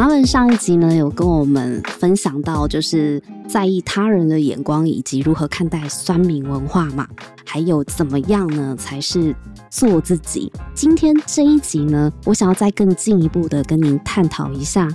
他們上一集呢，有跟我們分享到就是，在意他人的眼光以及如何看待酸民文化嘛，還有怎麼樣呢才是做自己？今天這一集呢，我想要再更進一步的跟您探討一下：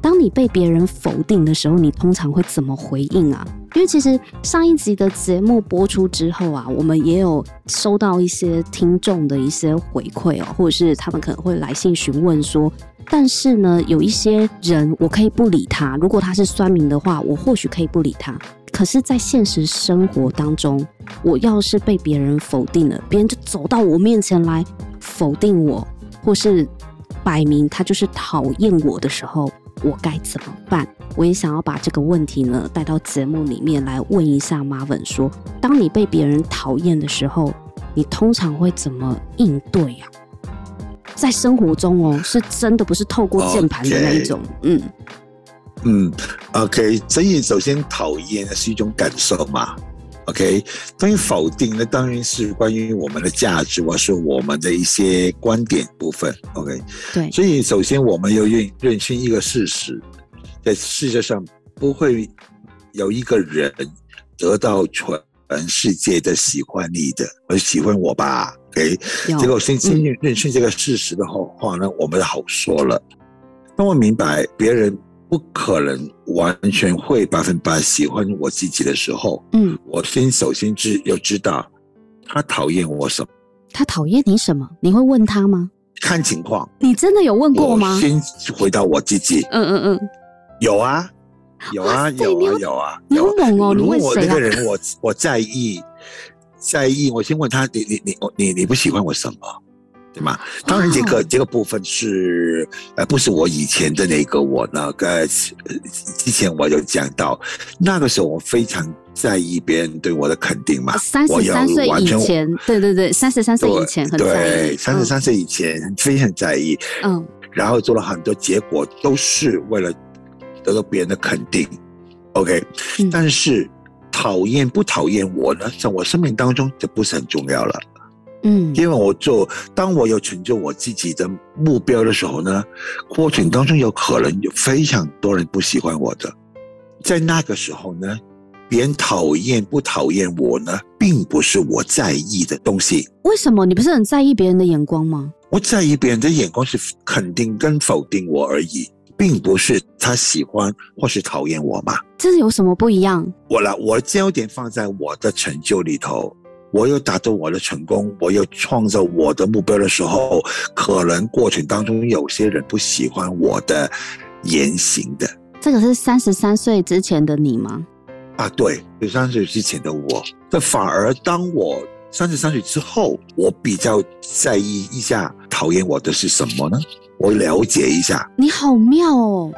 當你被別人否定的時候，你通常會怎麼回應啊？因為其實上一集的節目播出之後啊，我們也有收到一些聽眾的一些回饋哦，或者是他們可能會來信詢問說：但是呢，有一些人，我可以不理他。如果他是酸民的話，我或許可以。不理他。可是，在現實生活當中，我要是被別人否定了，別人就走到我面前來否定我，或是擺明他就是討厭我的時候，我該怎麼辦？我也想要把這個問題呢帶到節目裡面來問一下 Marvin 說，當你被別人討厭的時候，你通常會怎麼應對啊？在生活中哦，是真的不是透過鍵盤的那一種，Okay. 嗯。嗯，OK，所以首先討厭是一種感受嘛，OK。關於否定，那當然是關於我們的價值或、啊、是我們的一些觀點部分，OK。對，所以首先我們要認認清一個事實，在世界上不會有一個人得到全世界的喜歡你的，而喜歡我吧，OK 有。結果，先先認、嗯、認清這個事實的話，話呢，我們好說了。當我明白別人、嗯。不可能完全會百分之百喜歡我自己的時候，嗯，我先首先知要知道他討厭我什麼，他討厭你什麼？你會問他嗎？看情況。你真的有問過嗎？我先回答我自己，嗯嗯嗯，嗯嗯有啊，有啊，有啊，有啊，有哦、啊、如果那個人我我在意，在意，我先問他，你你你你你不喜歡我什麼？對嗎？當然，這個、oh. 這個部分是呃，不是我以前的那個我呢。呃，之前我有講到，那個時候我非常在意別人對我的肯定嘛。三十三歲以前，對對對，三十三歲以前很在意，對，三十三歲以前非常在意。嗯，oh. 然後做了很多，結果都是為了得到別人的肯定。OK，但是討厭不討厭我呢，在我生命當中就不是很重要了。嗯，因為我就當我要成就我自己的目標的時候呢，過程當中有可能有非常多人不喜歡我的，在那個時候呢，別人討厭不討厭我呢，並不是我在意的東西。為什麼？你不是很在意別人的眼光嗎？我在意別人的眼光是肯定跟否定我而已，並不是他喜歡或是討厭我嘛。這是有什麼不一樣？我啦，我的焦點放在我的成就裡頭。我又達到我的成功，我又創造我的目標的時候，可能過程當中有些人不喜歡我的言行的。這個是三十三歲之前的你嗎？啊，對，十三歲之前的我。這反而當我三十三歲之後，我比較在意一下，討厭我的是什麼呢？我了解一下。你好妙哦！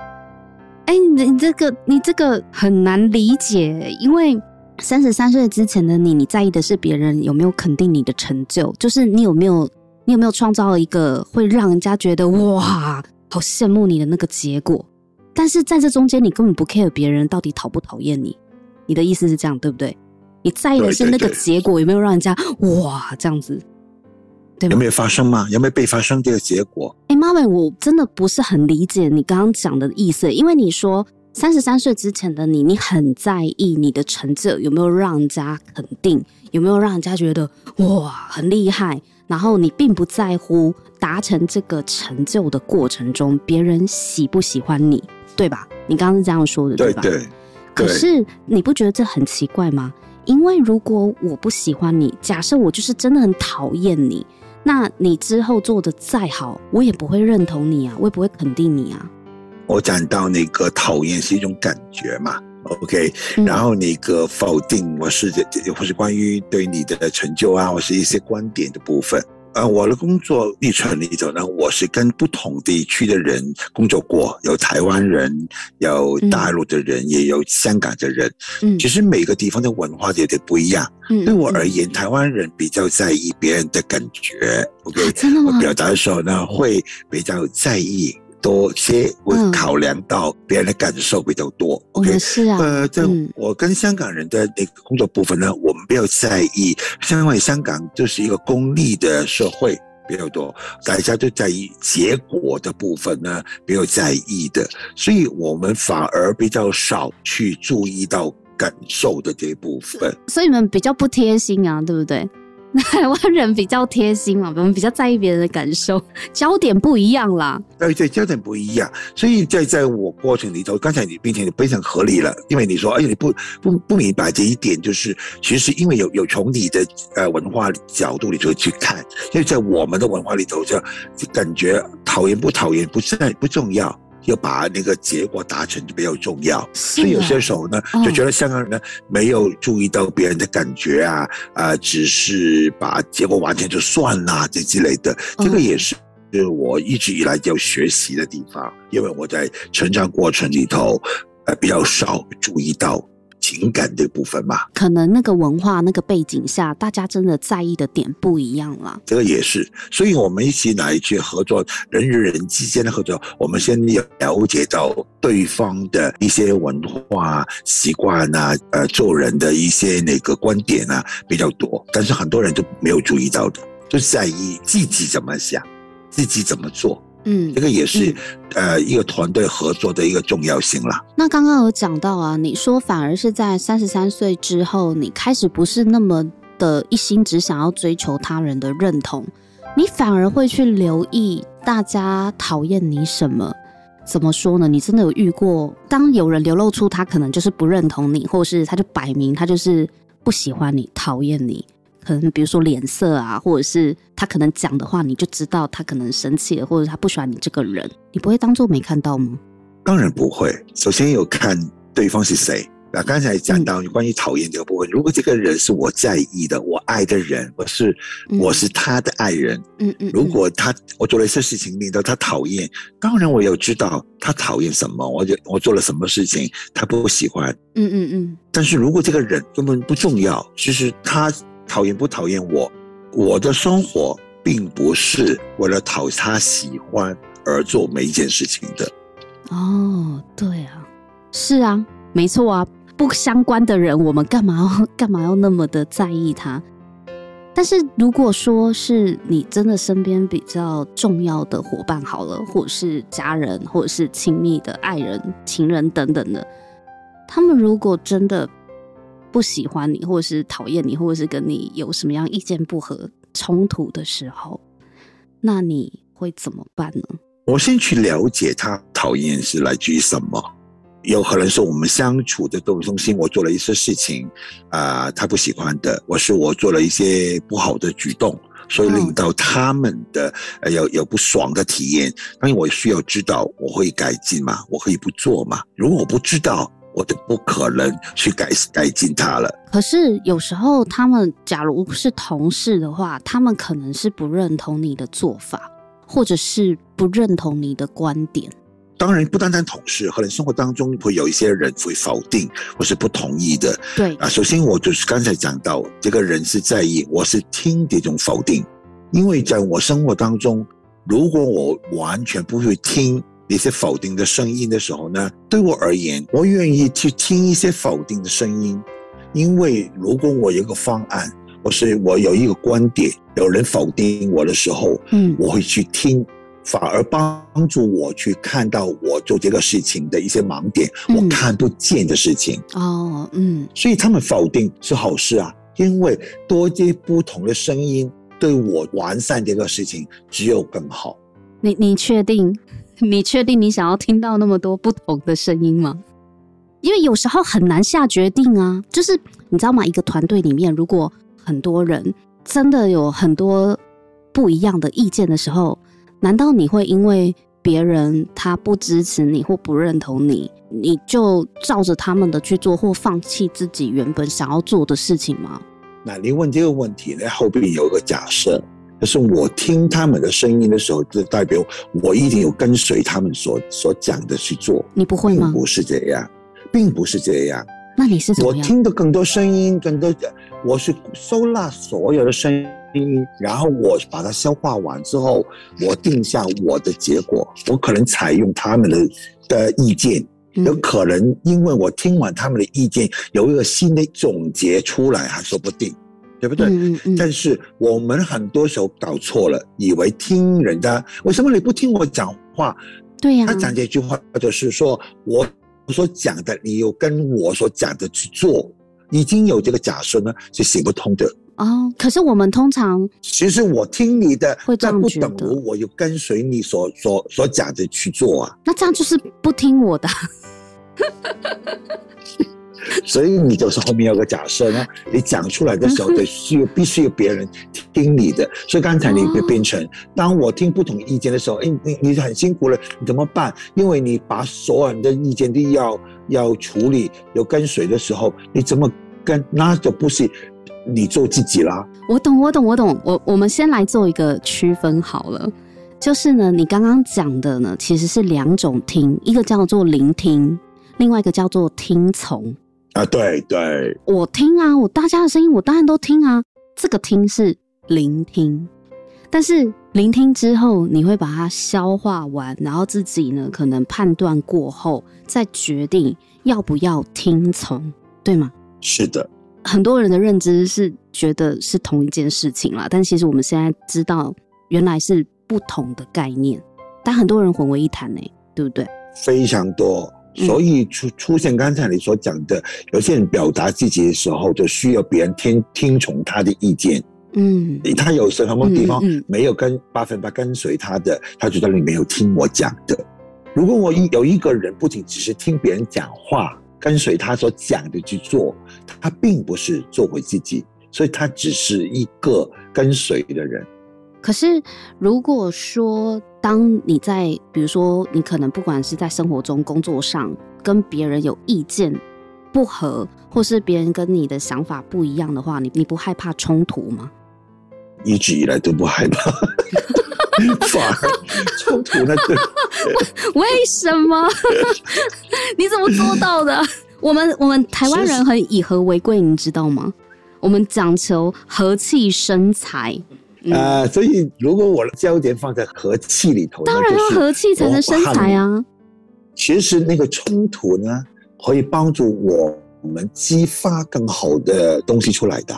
哎、欸，你這個，你這個很難理解，因為。三十三歲之前的你，你在意的是別人有沒有肯定你的成就，就是你有沒有，你有沒有創造了一個會讓人家覺得哇，好羨慕你的那個結果。但是在這中間，你根本不 care 別人到底討不討厭你。你的意思是這樣，對不對？你在意的是那個結果有沒有讓人家哇這樣子，對？有沒有發生嗎？有沒有被發生這個結果？哎，Marvin，我真的不是很理解你剛剛講的意思，因為你說。三十三歲之前的你，你很在意你的成就有沒有讓人家肯定，有沒有讓人家覺得哇很厲害。然後你並不在乎達成這個成就的過程中別人喜不喜歡你，對吧？你剛剛是這樣說的，對吧？對對對。可是你不覺得這很奇怪嗎？因為如果我不喜歡你，假設我就是真的很討厭你，那你之後做得再好，我也不會認同你啊，我也不會肯定你啊。我講到那個討厭是一種感覺嘛，OK，、嗯、然後那個否定我是，或是關於對你的成就啊，或是一些觀點的部分。呃，我的工作歷程裡頭呢，我是跟不同地區的人工作過，有台灣人，有大陸的人，嗯、也有香港的人。嗯，其實每個地方的文化也有點不一樣。嗯，對我而言，嗯、台灣人比較在意別人的感覺。OK，、啊、真的嗎？我表達的時候呢，會比較在意。多些會考量到別人的感受比較多、嗯、，OK？是啊，呃，在我跟香港人的那個工作部分呢，我們沒有在意，因為香港就是一個功利的社會比較多，大家都在意結果的部分呢沒有在意的，所以我們反而比較少去注意到感受的這一部分。所以你們比較不貼心啊，對不對？台灣人比較貼心嘛，我們比較在意別人的感受，焦點不一樣啦。對對，焦點不一樣，所以在在我過程裡頭，剛才你並且你非常合理了，因為你說，哎，你不不不明白這一點，就是其實因為有有從你的呃文化角度裡頭去看，因為在我們的文化裡頭，就感覺討厭不討厭，不是不重要。要把那個結果達成就比較重要，所以有些時候呢，就覺得香港人呢沒有注意到別人的感覺啊，啊，只是把結果完成就算了，這之類的，這個也是，是我一直以來要學習的地方，因為我在成長過程裡頭，呃，比較少注意到。情感的部分嘛，可能那個文化那個背景下，大家真的在意的點不一樣了。這個也是，所以我們一起來去合作，人與人，人之間的合作，我們先要了解到對方的一些文化習慣啊，呃，做人的一些那個觀點啊比較多，但是很多人都沒有注意到的，就在意自己怎麼想，自己怎麼做。嗯，這個也是，嗯、呃，一個團隊合作的一個重要性了。那剛剛有講到啊，你說反而是在三十三歲之後，你開始不是那麼的一心只想要追求他人的認同，你反而會去留意大家討厭你什麼？怎麼說呢？你真的有遇過，當有人流露出他可能就是不認同你，或是他就擺明他就是不喜歡你、討厭你？嗯，可能比如說臉色啊，或者是他可能講的話，你就知道他可能生氣了，或者他不喜歡你這個人，你不會當做沒看到嗎？當然不會。首先有看對方是誰？那剛才講到關於討厭這個部分，嗯、如果這個人是我在意的，我愛的人，我是、嗯、我是他的愛人。嗯嗯。如果他我做了一些事情令到他討厭，當然我有知道他討厭什麼，我我做了什麼事情他不喜歡。嗯嗯嗯。嗯嗯，但是如果這個人根本不重要，其實他。討厭不討厭我？我的生活並不是為了討他喜歡而做每一件事情的。哦，對啊，是啊，沒錯啊，不相關的人，我們幹嘛要幹嘛要那麼的在意他？但是如果說是你真的身邊比較重要的夥伴好了，或者是家人，或者是親密的愛人、情人等等的，他們如果真的不喜歡你，或者是討厭你，或者是跟你有什麼樣意見不合、衝突的時候，那你會怎麼辦呢？我先去了解他討厭是來自於什麼，有可能是我們相處的這個中心，我做了一些事情啊、呃，他不喜歡的，或是我做了一些不好的舉動，所以令到他們的、嗯呃、有有不爽的體驗。當然，我需要知道，我會改進嗎？我可以不做嗎？如果我不知道。我就不可能去改改進他了。可是有時候他們假如是同事的話，他們可能是不認同你的做法，或者是不認同你的觀點。當然不單單同事，可能生活當中會有一些人會否定或是不同意的。對啊，首先我就是剛才講到這個人是在意，我是聽這種否定，因為在我生活當中，如果我完全不去聽。那些否定的聲音的時候呢，對我而言，我願意去聽一些否定的聲音，因為如果我有一個方案，或是我有一個觀點，有人否定我的時候，嗯，我會去聽，反而幫助我去看到我做這個事情的一些盲點，嗯、我看不見的事情。哦，嗯，所以他們否定是好事啊，因為多些不同的聲音，對我完善這個事情只有更好。你你確定？你確定你想要聽到那麼多不同的聲音嗎？因為有時候很難下決定啊。就是你知道嗎？一個團隊裡面，如果很多人真的有很多不一樣的意見的時候，難道你會因為別人他不支持你或不認同你，你就照着他們的去做，或放棄自己原本想要做的事情嗎？那你問這個問題呢，後面有個假設。可是我聽他們的聲音的時候，就代表我一定有跟隨他們所所講的去做。你不會嗎？並不是這樣，並不是這樣。那你是怎麼樣？我聽的更多聲音，更多的，我是收納所有的聲音，然後我把它消化完之後，我定下我的結果。我可能採用他們的的意見，有、嗯、可能因為我聽完他們的意見，有一個新的總結出來，還說不定。對不對？嗯嗯嗯、但是我們很多時候搞錯了，以為聽人家為什麼你不聽我講話？對呀、啊，他講這句話，或者是說我所講的，你又跟我所講的去做，已經有這個假設呢，是行不通的。哦，可是我們通常其實我聽你的，會的但不等於我，我又跟隨你所所所講的去做啊。那這樣就是不聽我的。 所以你就是後面有個假設呢，你講出來的時候，得需必須有別人聽你的。所以剛才你被變成，當我聽不同意見的時候，哎，你你很辛苦了，你怎麼辦？因為你把所有人的意見都要要處理，要跟隨的時候，你怎麼跟？那就不是你做自己啦。我懂，我懂，我懂。我我們先來做一個區分好了，就是呢，你剛剛講的呢，其實是兩種聽，一個叫做聆聽，另外一個叫做聽從。啊，對對，我聽啊，我大家的聲音，我當然都聽啊。這個聽是聆聽，但是聆聽之後，你會把它消化完，然後自己呢，可能判斷過後再決定要不要聽從，對嗎？是的。很多人的認知是覺得是同一件事情啦，但其實我們現在知道，原來是不同的概念，但很多人混為一談呢，欸，對不對？非常多。所以出出現剛才你所講的，嗯、有些人表達自己的時候，就需要別人聽聽從他的意見。嗯，他有什麼地方沒有跟八分八跟隨他的，他覺得你沒有聽我講的。如果我有一個人不僅只是聽別人講話，嗯、跟隨他所講的去做，他並不是做回自己，所以他只是一個跟隨的人。可是如果說。當你在，比如說，你可能不管是在生活中、工作上，跟別人有意見不合，或是別人跟你的想法不一樣的話，你你不害怕衝突嗎？一直以來都不害怕， 反而衝突那對。 為什麼？ 你怎麼做到的？ 我們我們台灣人很以和為貴，你知道嗎？我們講求和氣生財。嗯、呃，所以如果我的焦點放在和氣裡頭，當然了，和氣才能生財啊。其實那個衝突呢，可以幫助我們激發更好的東西出來的。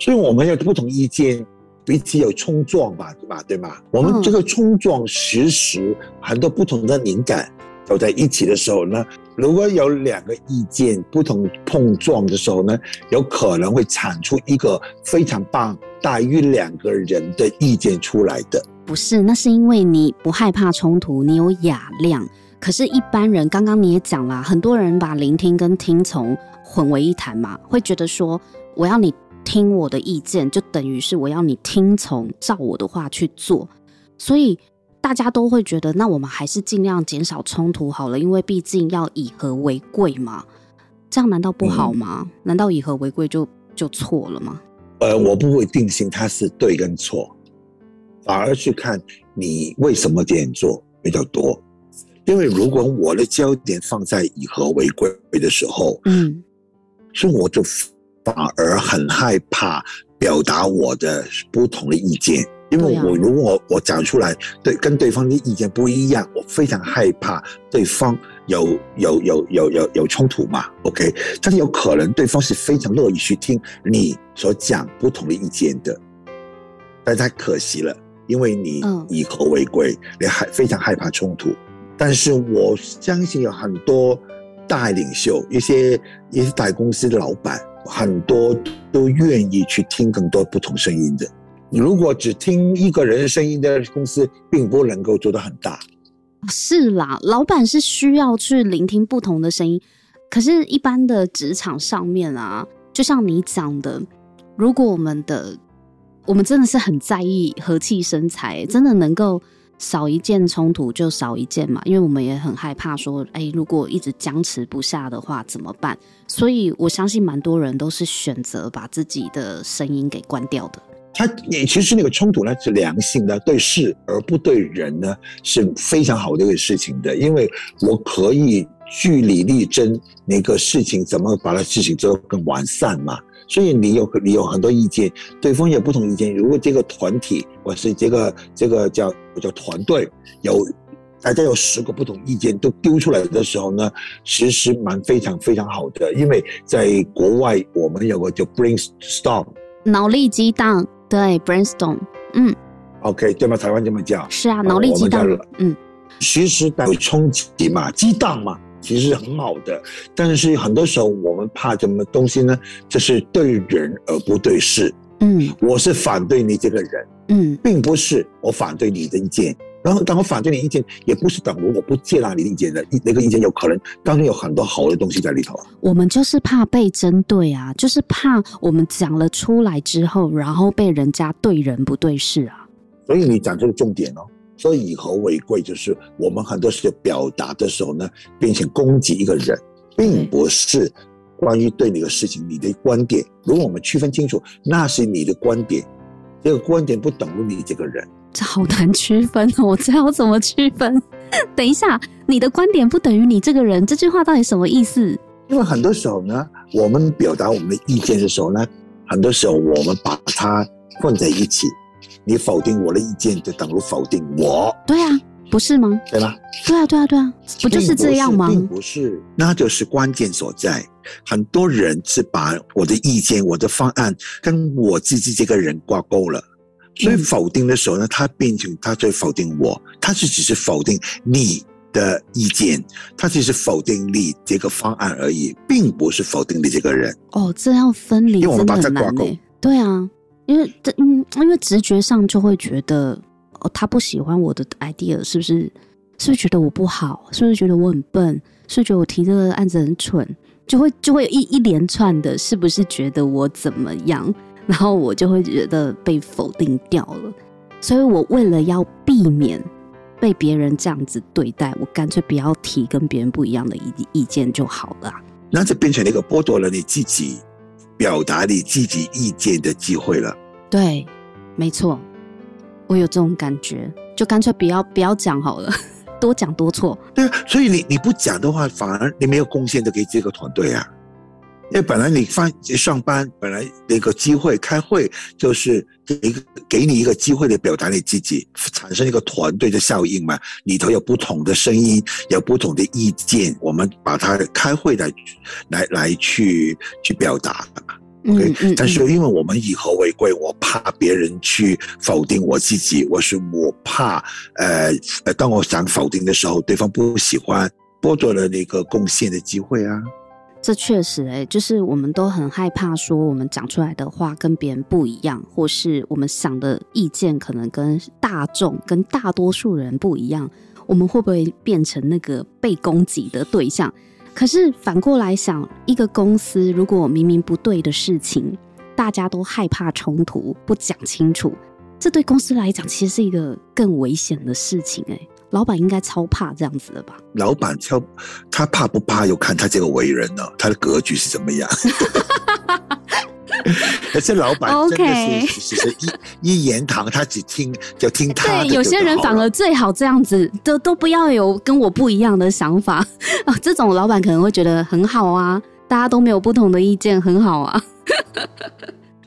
所以我們有不同意見，彼此有衝撞吧，對吧，對吧，嗯、我們這個衝撞，其實很多不同的靈感走在一起的時候呢。如果有兩個意見不同碰撞的時候呢，有可能會產出一個非常棒大於兩個人的意見出來的。不是，那是因為你不害怕衝突，你有雅量。可是，一般人剛剛你也講了，很多人把聆聽跟聽從混為一談嘛，會覺得說我要你聽我的意見，就等於是我要你聽從，照我的話去做，所以。大家都會覺得，那我們還是盡量減少衝突好了，因為畢竟要以和為貴嘛。這樣難道不好嗎？嗯、難道以和為貴就就錯了嗎？呃，我不會定性它是對跟錯，反而去看你為什麼這樣做比較多。因為如果我的焦點放在以和為貴的時候，嗯，所以我就反而很害怕表達我的不同的意見。因為我如果我我講出來，對，跟對方的意見不一樣，我非常害怕對方有有有有有有衝突嘛，OK？但是有可能對方是非常樂意去聽你所講不同的意見的，但是太可惜了，因為你以和為貴，你還非常害怕衝突。但是我相信有很多大領袖，一些一些大公司的老闆，很多都願意去聽更多不同聲音的。你如果只聽一個人聲音的公司，並不能夠做得很大。是啦，老闆是需要去聆聽不同的聲音。可是，一般的職場上面啊，就像你講的，如果我們的我們真的是很在意和氣生財，真的能夠少一件衝突就少一件嘛？因為我們也很害怕說，哎，如果一直僵持不下的話怎麼辦？所以我相信，蠻多人都是選擇把自己的聲音給關掉的。它你其實那個衝突呢是良性的，對事而不對人呢是非常好的一個事情的，因為我可以據理力爭那個事情怎麼把它事情做得更完善嘛。所以你有你有很多意見，對方有不同意見。如果這個團體或是這個這個叫我叫團隊有大家有十個不同意見都丟出來的時候呢，其實蠻非常非常好的，因為在國外我們有個叫 brainstorm，腦力激盪。對，brainstorm，嗯，OK，對嗎？台灣這麼講。是啊，腦力激盪，嗯，其實有衝擊嘛，激盪嘛，其實很好的，但是很多時候我們怕什麼東西呢？就是對人而不對事，嗯，我是反對你這個人，嗯，並不是我反對你的意見。然後，當我反對你意見，也不是等於我不接納你意見的，那個意見有可能，當中有很多好的東西在裡頭啊。我們就是怕被針對啊，就是怕我們講了出來之後，然後被人家對人不對事啊。所以你講這個重點哦，所以以和為貴，就是我們很多時候表達的時候呢，變成攻擊一個人，並不是關於對你的事情，對你的觀點。如果我們區分清楚，那是你的觀點，這個觀點不等於你這個人。這好難區分哦！我知道我怎麼區分？等一下，你的觀點不等於你這個人，這句話到底什麼意思？因為很多時候呢，我們表達我們的意見的時候呢，很多時候我們把它混在一起。你否定我的意見，就等於否定我。對啊，不是嗎？對吧？對啊，對啊，對啊，不就是這樣嗎？並不是，那就是關鍵所在。很多人是把我的意見、我的方案跟我自己這個人掛鈎了。所以否定的時候呢，他變成他在否定我，他是只是否定你的意見，他只是否定你這個方案而已，並不是否定你這個人。哦，這要分離，因為我們把這掛鉤。對啊，因為因因為直覺上就會覺得哦，他不喜歡我的 idea，是不是？是不是覺得我不好？是不是覺得我很笨？是不是覺得我提這個案子很蠢？就會就會有一一連串的，是不是覺得我怎麼樣？然後我就會覺得被否定掉了，所以我為了要避免被別人這樣子對待，我乾脆不要提跟別人不一樣的意意見就好了啊。那就變成了一個剝奪了你自己表達你自己意見的機會了。對，沒錯，我有這種感覺，就乾脆不要不要講好了，多講多錯。對，所以你你不講的話，反而你沒有貢獻的給這個團隊啊。因為本來你返上班，本來那個機會開會，就是一個給你一個機會的表達你自己，產生一個團隊的效應嘛。裡頭有不同的聲音，有不同的意見，我們把它開會來，來來去去表達。嗯，Okay? 嗯，但是因為我們以和為貴，我怕別人去否定我自己，我是我怕呃呃，當我想否定的時候，對方不喜歡，剝奪了那個貢獻的機會啊。這確實欸，就是我們都很害怕說我們講出來的話跟別人不一樣，或是我們想的意見可能跟大眾跟大多數人不一樣，我們會不會變成那個被攻擊的對象？可是反過來想，一個公司如果明明不對的事情，大家都害怕衝突，不講清楚，這對公司來講其實是一個更危險的事情欸。老闆應該超怕這樣子的吧？老闆超，他怕不怕要看他這個為人呢、啊？他的格局是怎麼樣？ 可是老闆，OK，其實一一言堂，他只聽就聽他的就就好。對，有些人反而最好這樣子，都都不要有跟我不一樣的想法啊、哦！這種老闆可能會覺得很好啊，大家都沒有不同的意見，很好啊。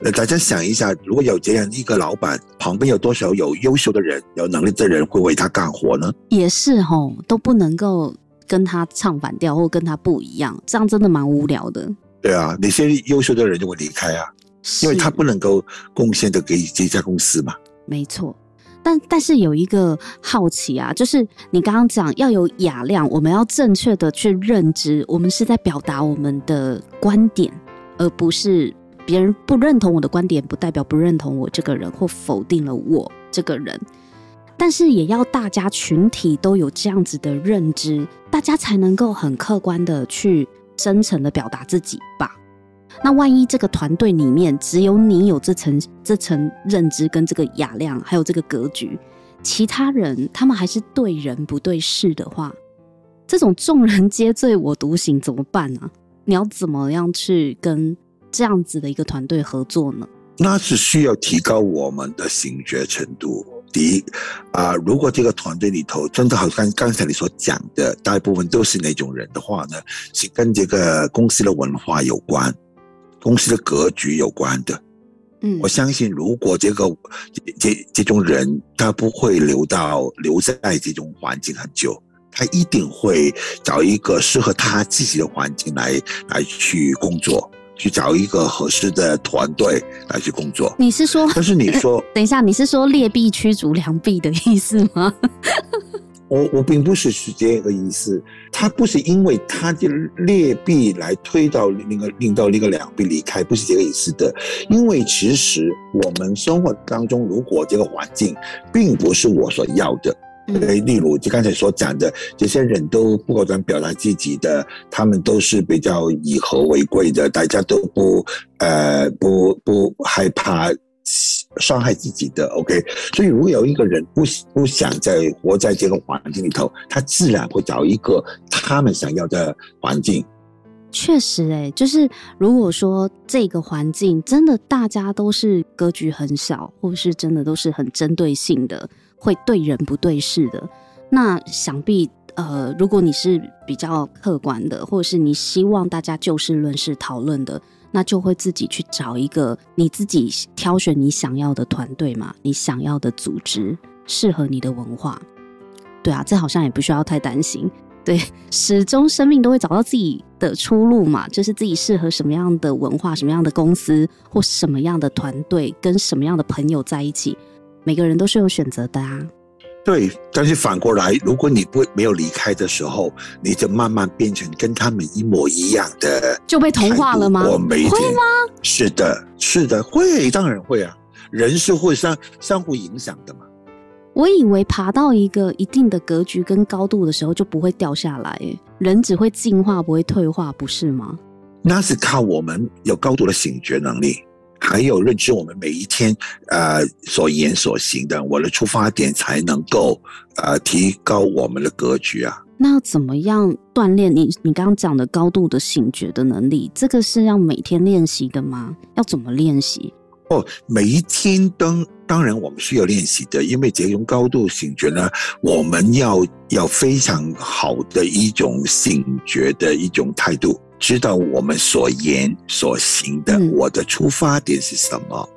那大家想一下，如果有這樣一個老闆，旁邊有多少有優秀的人、有能力的人會為他幹活呢？也是哦，都不能夠跟他唱反調或跟他不一樣，這樣真的蠻無聊的。對啊，那些優秀的人就會離開啊。是因為他不能夠貢獻的給這家公司嘛。沒錯，但但是有一個好奇啊，就是你剛剛講要有雅量，我們要正確的去認知，我們是在表達我們的觀點，而不是。別人不認同我的觀點，不代表不認同我這個人或否定了我這個人。但是也要大家群體都有這樣子的認知，大家才能夠很客觀的去真誠的表達自己吧。那萬一這個團隊裡面只有你有這層這層認知跟這個雅量，還有這個格局，其他人他們還是對人不對事的話，這種眾人皆醉我獨醒怎麼辦呢、啊？你要怎麼樣去跟？這樣子的一個團隊合作呢？那是需要提高我們的醒覺程度。第一，啊、呃，如果這個團隊裡頭真的好像剛才你所講的，大部分都是那種人的話呢，是跟這個公司的文化有關、公司的格局有關的。嗯，我相信，如果這個這這這種人，他不會留到留在這種環境很久，他一定會找一個適合他自己的環境來來去工作。去找一個合適的團隊來去工作。你是說？但是你說，等一下，你是說劣幣驅逐良幣的意思嗎？ 我我並不是是這個意思，他不是因為他的劣幣來推到那個，令到那個良幣離開，不是這個意思的。因為其實我們生活當中，如果這個環境並不是我所要的。例如就剛才所講的，這些人都不敢表達自己的，他們都是比較以和為貴的，大家都不呃，不不害怕傷害自己的。OK，所以如果有一個人不不想再活在這個環境裡頭，他自然會找一個他們想要的環境。確實、欸，哎，就是如果說這個環境真的大家都是格局很小，或是真的都是很針對性的。會對人不對事的。那想必呃，如果你是比較客觀的，或者是你希望大家就事論事討論的，那就會自己去找一個你自己挑選你想要的團隊嘛，你想要的組織，適合你的文化。對啊，這好像也不需要太擔心。對，始終生命都會找到自己的出路嘛，就是自己適合什麼樣的文化、什麼樣的公司或什麼樣的團隊，跟什麼樣的朋友在一起。每個人都是有選擇的啊，對。但是反過來，如果你不沒有離開的時候，你就慢慢變成跟他們一模一樣的，就被同化了嗎？我沒聽，會嗎？是的，是的，會，當然會啊。人是會相相互影響的嘛。我以為爬到一個一定的格局跟高度的時候，就不會掉下來，欸。人只會進化，不會退化，不是嗎？那是靠我們有高度的醒覺能力，還有認知，我們每一天，呃，所言所行的，我的出發點才能夠，呃，提高我們的格局啊。那怎麼樣鍛鍊你，你剛剛講的高度的醒覺的能力，這個是要每天練習的嗎？要怎麼練習？哦，每一天都，當然我們需要練習的，因為這種高度醒覺呢，我們要要非常好的一種醒覺的一種態度。知道我們所言所行的，嗯、我的出發點是什麼，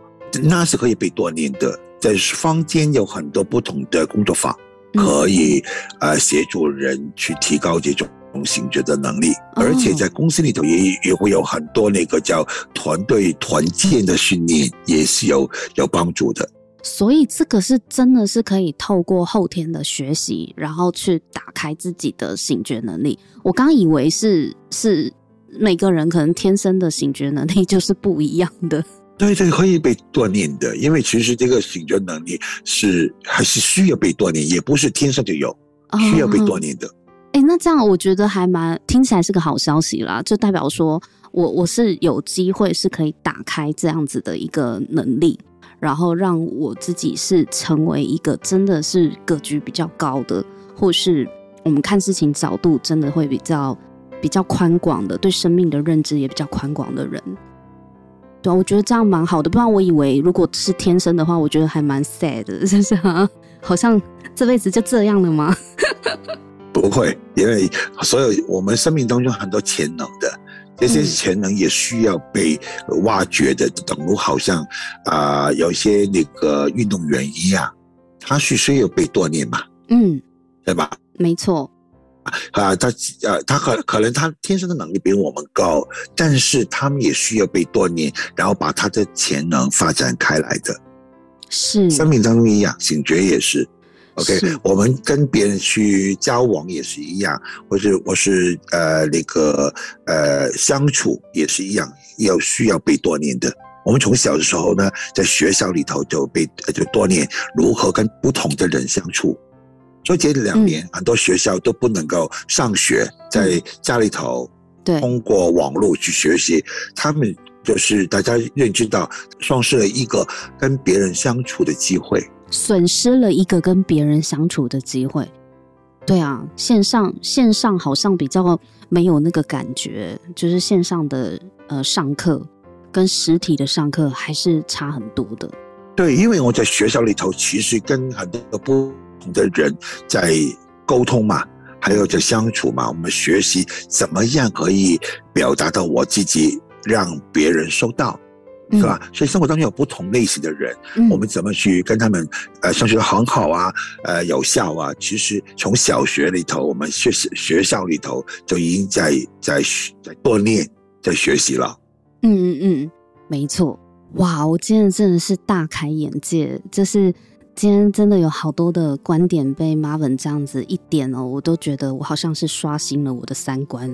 那是可以被鍛鍊的。在坊間有很多不同的工作坊，嗯、可以呃協助人去提高這種醒覺的能力，嗯、而且在公司裡頭也也會有很多那個叫團隊團建的訓練，也是有有幫助的。所以這個是真的是可以透過後天的學習，然後去打開自己的醒覺能力。我剛以為是是。每個人可能天生的醒覺能力就是不一樣的，對，對，可以被鍛鍊的，因為其實這個醒覺能力是還是需要被鍛鍊，也不是天生就有，需要被鍛鍊的。哎、哦，那這樣我覺得還蠻聽起來是個好消息啦，就代表說，我我是有機會是可以打開這樣子的一個能力，然後讓我自己是成為一個真的是格局比較高的，或是我們看事情角度真的會比較比較寬廣的，對生命的認知也比較寬廣的人，對啊，我覺得這樣蠻好的。不然我以為如果是天生的話，我覺得還蠻 sad 的，是不是？好像這輩子就這樣了嗎？ 不會，因為所有我們生命當中很多潛能的這些潛能也需要被挖掘的，等於好像啊、呃，有些那個運動員一樣，他需要被鍛鍊嘛，嗯，對吧？沒錯。啊，他呃、啊，他可可能他天生的能力比我們高，但是他們也需要被鍛鍊，然後把他的潛能發展開來的。是，生命當中一樣，醒覺也是。OK，是我們跟別人去交往也是一樣，或是或是呃那個呃相處也是一樣，要需要被鍛鍊的。我們從小的時候呢，在學校裡頭就被就鍛鍊如何跟不同的人相處。所以這兩年，很多學校都不能夠上學，在家裡頭通過網絡去學習。嗯、對。他們就是大家認知到，喪失了一個跟別人相處的機會，損失了一個跟別人相處的機會。對啊，線上線上好像比較沒有那個感覺，就是線上的呃上課跟實體的上課還是差很多的。對，因為我在學校裡頭，其實跟很多的不的人在溝通嘛，還有在相處嘛，我們學習怎麼樣可以表達到我自己，讓別人收到，嗯、是吧？所以生活當中有不同類型的人，嗯、我們怎麼去跟他們呃相處的很好啊？呃，有效啊？其實從小學裡頭，我們學學校裡頭就已經在在在鍛鍊在，在學習了。嗯嗯嗯，沒錯。哇，我今天真的是大開眼界，這、就是。今天真的有好多的觀點被 Marvin 這樣子一點哦，我都覺得我好像是刷新了我的三觀，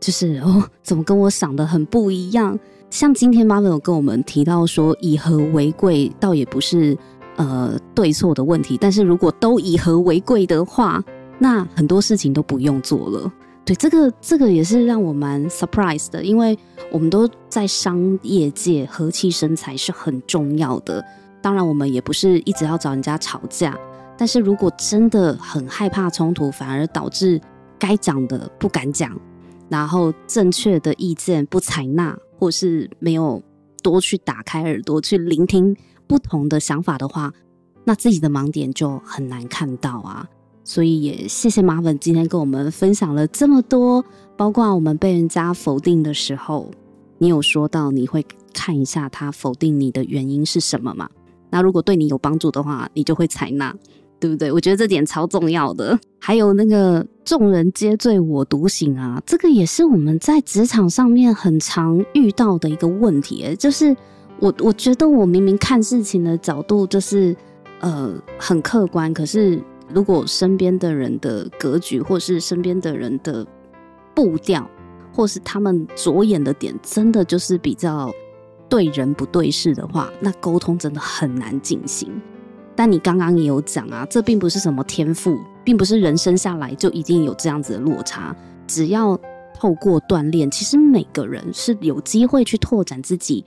就是哦，怎麼跟我想的很不一樣？像今天 Marvin 有跟我們提到說，以和為貴，倒也不是呃對錯的問題，但是如果都以和為貴的話，那很多事情都不用做了。對，這個這個也是讓我蠻 surprise 的，因為我們都在商業界，和氣生財是很重要的。當然，我們也不是一直要找人家吵架。但是如果真的很害怕衝突，反而導致該講的不敢講，然後正確的意見不採納，或是沒有多去打開耳朵去聆聽不同的想法的話，那自己的盲點就很難看到啊。所以也謝謝 Marvin 今天跟我們分享了這麼多，包括我們被人家否定的時候，你有說到你會看一下他否定你的原因是什麼嗎？那如果對你有幫助的話，你就會採納，對不對？我覺得這點超重要的。還有那個“眾人皆醉我獨醒”啊，這個也是我們在職場上面很常遇到的一個問題，欸，就是我我覺得我明明看事情的角度就是呃很客觀，可是如果身邊的人的格局，或是身邊的人的步調，或是他們着眼的點，真的就是比較。對人不對事的話，那溝通真的很難進行。但你剛剛也有講啊，這並不是什麼天賦，並不是人生下來就一定有這樣子的落差。只要透過鍛鍊，其實每個人是有機會去拓展自己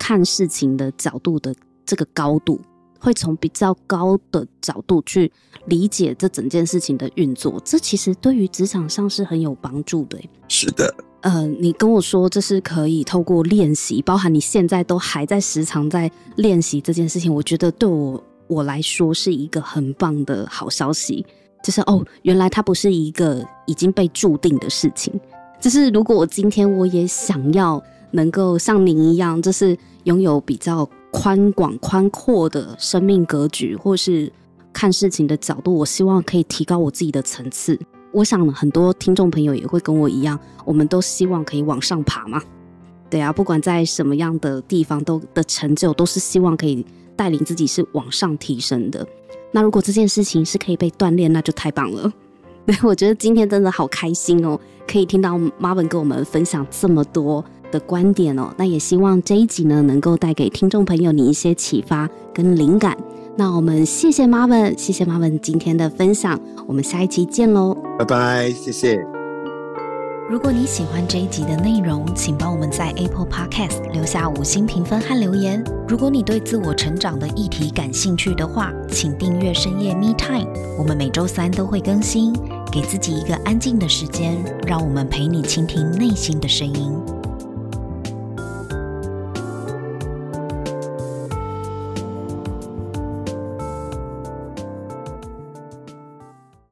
看事情的角度的這個高度。會從比較高的角度去理解這整件事情的運作，這其實對於職場上是很有幫助的。是的，呃，你跟我說，這是可以透過練習，包含你現在都還在時常在練習這件事情，我覺得對我我來說是一個很棒的好消息。就是哦，原來它不是一個已經被注定的事情。就是如果我今天我也想要能夠像您一樣，就是擁有比較。寬廣、寬闊的生命格局，或是看事情的角度，我希望可以提高我自己的層次。我想很多聽眾朋友也會跟我一樣，我們都希望可以往上爬嘛。對啊，不管在什麼樣的地方都，都的成就都是希望可以帶領自己是往上提升的。那如果這件事情是可以被鍛鍊，那就太棒了。對， 我覺得今天真的好開心哦，可以聽到 Marvin 跟我們分享這麼多。的觀點哦，那也希望這一集呢能夠帶給聽眾朋友你一些啟發跟靈感。那我們謝謝 Marvin，謝謝 Marvin 今天的分享，我們下一期見嘍，拜拜，謝謝。如果你喜歡這一集的內容，請幫我們在 Apple Podcast 留下五星評分和留言。如果你對自我成長的議題感興趣的話，請訂閱深夜 Me Time，我們每周三都會更新，給自己一個安靜的時間，讓我們陪你傾聽內心的聲音。